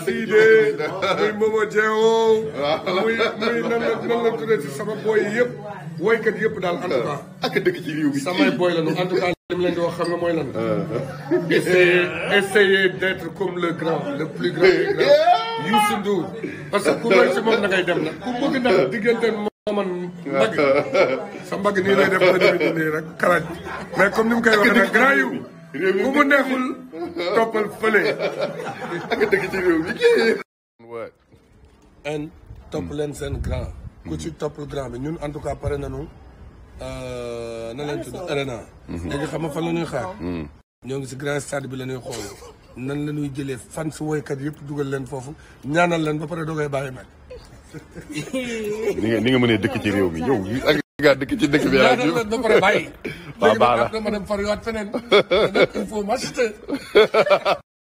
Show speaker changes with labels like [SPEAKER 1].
[SPEAKER 1] Siidee muy Momo Dieng muy muy nan la nan la tuddee si sama booy yëpp yëpp daal en tout cas. Ah. samay booy la ñu en tout cas li mu wax xam nga mooy lan. essayer uh-huh. essayer d'être comme le grand le plus grand des grands Youssou Ndour parce que ku may si moom na ngay dem man uh-huh. mbagg uh-huh. sa mbagg nii lay def ba demee nii
[SPEAKER 2] rek
[SPEAKER 3] kalaaj mais comme ni mu réew mi ku mu ci topp leen seen grand. ku ci toppal grand bi ñun en tout cas pare nañu. Euh, na leen tudd arena. Mhm. léegi xam nga la ñuy xaar. Mhm. ñoo ngi si grand stade bi la ñuy xool nan la ñuy jëlee fan si woykat yëpp dugal leen foofu ñaanal leen ba pare doogay bàyyi mel.
[SPEAKER 1] ni nga ni nga mënee dëkk ci réew mi yow.
[SPEAKER 2] Gak ada kecil dekat biar aja. Tak pernah baik. Baiklah. Tak
[SPEAKER 1] pernah memperlihatkan. Tak pernah memperlihatkan. Tak pernah